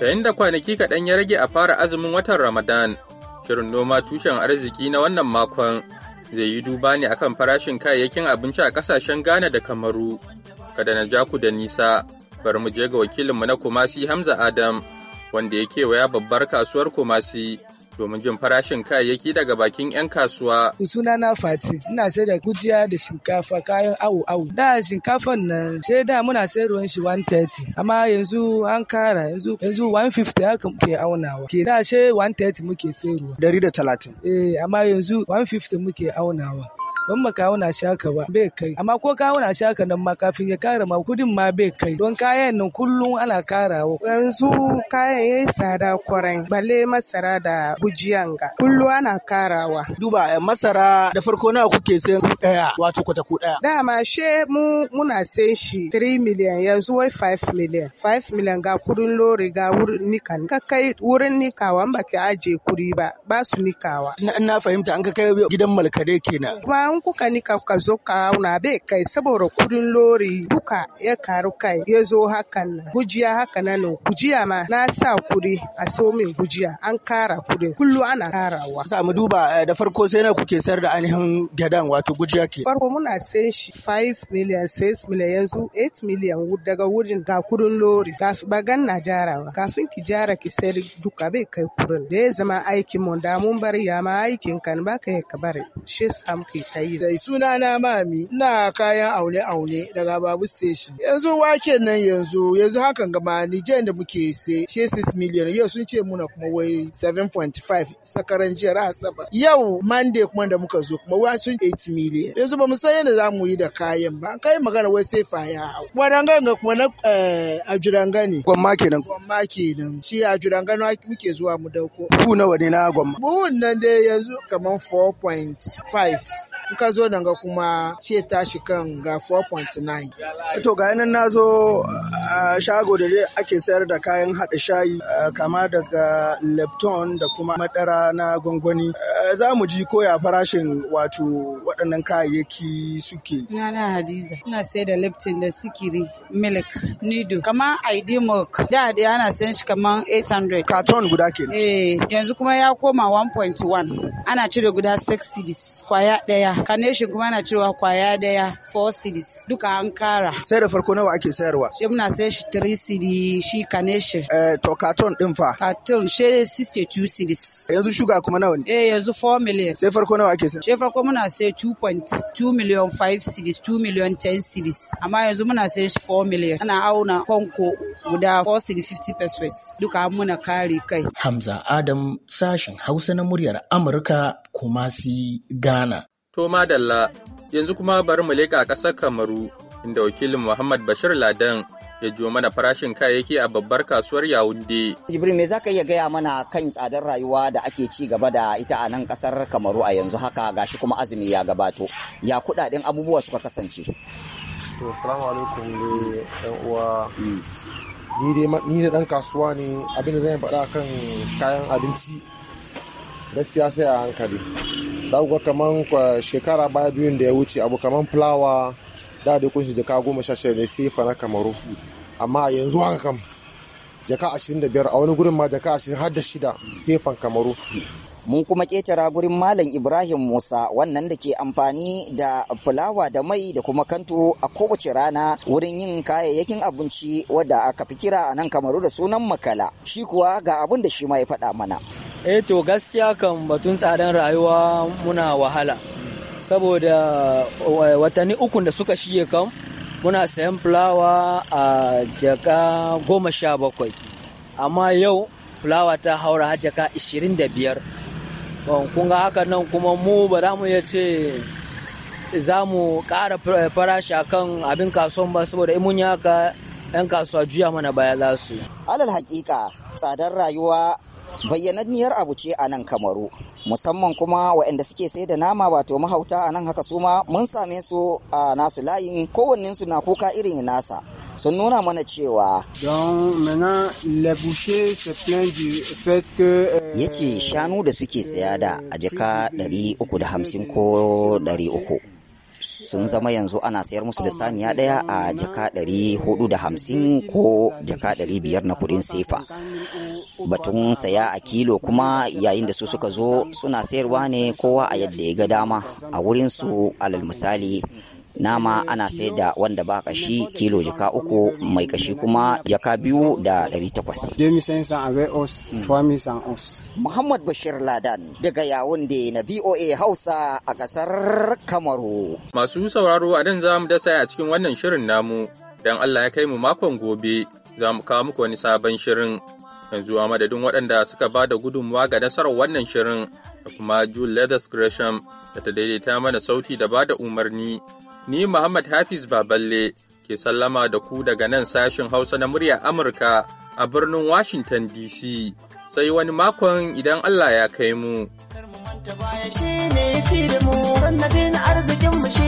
Yayin da kwanaki kaɗan ya rage a fara azumin watan Ramadan, shirin noma tushen arziki na wannan makon zai yi duba ne akan farashin kayayyakin abinci a ƙasashen Ghana da Kamaru. Kada na ja ku da nisa, bari mu je ga wakilinmu na Kumasi Hamza Adam, wanda ya kewaya babbar kasuwar Kumasi domin jin farashin kayayyaki daga bakin 'yan kasuwa. na Fati, ina sai da gujiya da shinkafa kayan awu awu. Da shinkafan nan sai da muna sai ruwan shi 130, amma yanzu an kara yanzu yanzu 150 haka muke aunawa. Ke da shi 130 muke sai ruwa. 130. Eh, amma yanzu 150 muke aunawa. don ma kawo na shaka ba bai kai amma ko kawo na shaka nan ma kafin ya kara ma kudin ma bai kai don kayan nan kullum ana karawa yanzu kayan ya yi tsada kwarai balle masara da bujiyan ga kullum ana karawa duba eh, masara da farko nawa kuke sayan ku daya wato kwata ku daya dama she mu muna sayan shi 3 million yanzu wai 5 million 5 million ga kudin lori ga wurin nikan ka kai wurin nikawa ba ka aje kuri ba ba su nikawa na fahimta an ka kai gidan malkade kenan idan kuka nika ka zo ka auna be kai saboda kudin lori duka ya karu kai ya zo hakan nan gujiya hakan nan gujiya ma na sa kudi a so min gujiya an kara kudin kullu ana karawa sa mu duba eh, da farko sai na kuke sayar da ainihin gadan wato gujiya ke farko muna sayan shi 5 million 6 million yanzu 8 million daga wurin ga kudin lori bagan na jarawa kafin ki jara ki sayar duka bai kai kudin da ya zama aikin mu da mun bari ya ma aikin kan ba ka bari shi sa muke kai yi dai suna na mami na kayan aune-aune daga babu station yanzu waken nan yanzu yanzu hakan gama nijen da muke sai she 6 million yau sun ce muna kuma wai 7.5 sakaran jiyar asabar yau monday kuma da muka zo kuma wai sun 8 million yanzu ba mu san yadda za mu yi da kayan ba kai magana wai sai faya hau wadanganga kuma na eh, ajuranga ne gwamma kenan gwamma kenan shi ajuranga muke zuwa mu dauko buhu nawa ne na gwamma buhun nan dai yanzu kamar 4.5 in ka zo nan ga kuma ce tashi kan ga 4.9 eh, to ga yanan na zo a shago da ake sayar da kayan haɗa shayi kama daga lepton da kuma madara na gwangwani za mu ji koya farashin wato waɗannan kayayyaki suke na hadiza ina sayar da lepton da sikiri milk nido kama id milk da da ana sayan shi kaman 800 carton guda ke eh yanzu kuma ya koma 1.1 ana cire guda 6 cds kwaya ɗaya daya kuma na cewa kwaya daya four cities duka an kara sai da farko nawa ake sayarwa shi muna sayar shi three cd shi carnation eh to carton din fa carton shi 62 cities. yanzu shuga kuma nawa ne eh yanzu 4 million sai farko nawa ake sayar shi farko muna sayar 2.2 million 5 cities 2 million 10 cities. amma yanzu muna sayar shi 4 million ana auna konko guda 4 cd 50 pesos duka muna kare kai hamza adam sashen hausa na muryar amurka kumasi Gana. To madalla, yanzu kuma bari mu leƙa ƙasar Kamaru, inda wakilin Muhammad Bashir Ladan ya jiwo mana farashin kayayyaki a babbar kasuwar Yaounde. Jibril me zaka iya gaya mana kan tsadar rayuwa da ake ci gaba da ita a nan ƙasar Kamaru a yanzu haka gashi kuma azumi ya gabato. Ya kudaden abubuwa suka kasance. To salamu alaikum ne yan uwa. Mm. Ni dai da dan kasuwa ne abin da zan faɗa kan kayan abinci gaskiya sai a hankali. dagwa ku ga kaman shekara baya biyun da ya wuce abu kaman fulawa da da kunshi jaka goma sha shida ne sefa na kamaru amma yanzu haka kam jaka ashirin da biyar a wani gurin ma jaka ashirin har da shida sefan kamaru mun kuma ketara gurin malam ibrahim musa wannan da ke amfani da fulawa da mai da kuma kanto a kowace rana wurin yin kayayyakin abinci wadda aka fi kira a nan kamaru da sunan makala shi kuwa ga abin da shi ma ya faɗa mana eh to gaskiya kan batun tsadan rayuwa muna wahala saboda eh, watanni uku da suka shige kan muna sayan fulawa a jaka goma sha bakwai amma yau fulawa ta haura ha jaka ishirin da biyar kun ga haka nan kuma mu ba za mu iya ce za mu ƙara eh, farashi akan abin kasuwan ba saboda in mun yi haka 'yan kasuwa juya mana baya za su. Alal hakika tsadar rayuwa bayyananniyar abu ce a nan kamaru musamman kuma waɗanda suke sai da nama wato mahauta a nan haka su ma mun same su a nasu layin kowannensu na kuka irin nasa sun nuna mana cewa euh, ya ce shanu da suke saya da a jika 350 ko 300 sun zama yanzu ana sayar musu da saniya daya a jaka 450 ko jika 500 na kuɗin sefa batun saya a kilo kuma yayin da su suka zo suna sayarwa ne kowa a yadda ya ga dama a wurin su alal misali nama ana sai da wanda ba kashi kilo jaka uku mai kashi kuma jaka biyu da ɗari takwas. Hmm. Muhammad Bashir Ladan daga yawon da na VOA Hausa a ƙasar Kamaru. Masu sauraro a dan za mu dasa a cikin wannan shirin namu, don Allah ya kai mu makon gobe za mu kawo muku wani sabon shirin. yanzu a madadin waɗanda suka ba da gudunmawa ga nasarar wannan shirin da kuma jul Leathers Gresham da ta daidaita mana sauti da ba da umarni. Ni Muhammad Hafiz Baballe ke sallama da ku daga nan sashen Hausa na murya Amurka a birnin Washington DC. Sai wani makon idan Allah ya kai mu. arzikin mu shi